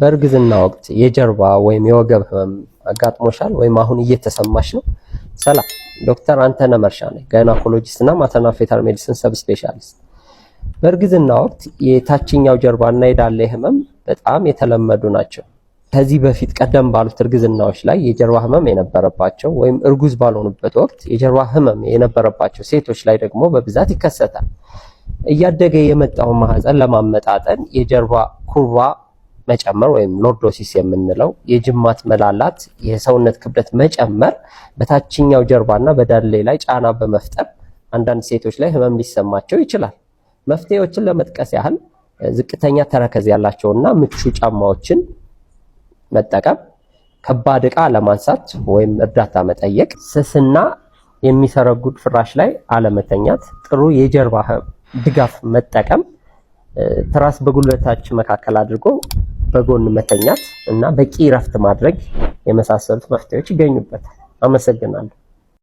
በእርግዝና ወቅት የጀርባ ወይም የወገብ ህመም አጋጥሞሻል ወይም አሁን እየተሰማሽ ነው? ሰላም፣ ዶክተር አንተነህ መርሻ ነኝ፣ ጋይናኮሎጂስት እና ማተርናል ሜዲሲን ሰብ ስፔሻሊስት። በእርግዝና ወቅት የታችኛው ጀርባ እና የዳሌ ህመም በጣም የተለመዱ ናቸው። ከዚህ በፊት ቀደም ባሉት እርግዝናዎች ላይ የጀርባ ህመም የነበረባቸው ወይም እርጉዝ ባልሆኑበት ወቅት የጀርባ ህመም የነበረባቸው ሴቶች ላይ ደግሞ በብዛት ይከሰታል። እያደገ የመጣውን ማህፀን ለማመጣጠን የጀርባ ኩርባ መጨመር ወይም ሎርዶሲስ የምንለው የጅማት መላላት የሰውነት ክብደት መጨመር በታችኛው ጀርባና በዳሌ ላይ ጫና በመፍጠር አንዳንድ ሴቶች ላይ ህመም ሊሰማቸው ይችላል። መፍትሄዎችን ለመጥቀስ ያህል ዝቅተኛ ተረከዝ ያላቸውና ምቹ ጫማዎችን መጠቀም፣ ከባድ ዕቃ አለማንሳት ወይም እርዳታ መጠየቅ፣ ስስና የሚሰረጉድ ፍራሽ ላይ አለመተኛት፣ ጥሩ የጀርባ ድጋፍ መጠቀም ትራስ በጉልበታችን መካከል አድርጎ በጎን መተኛት እና በቂ እረፍት ማድረግ የመሳሰሉት መፍትሄዎች ይገኙበታል። አመሰግናለሁ።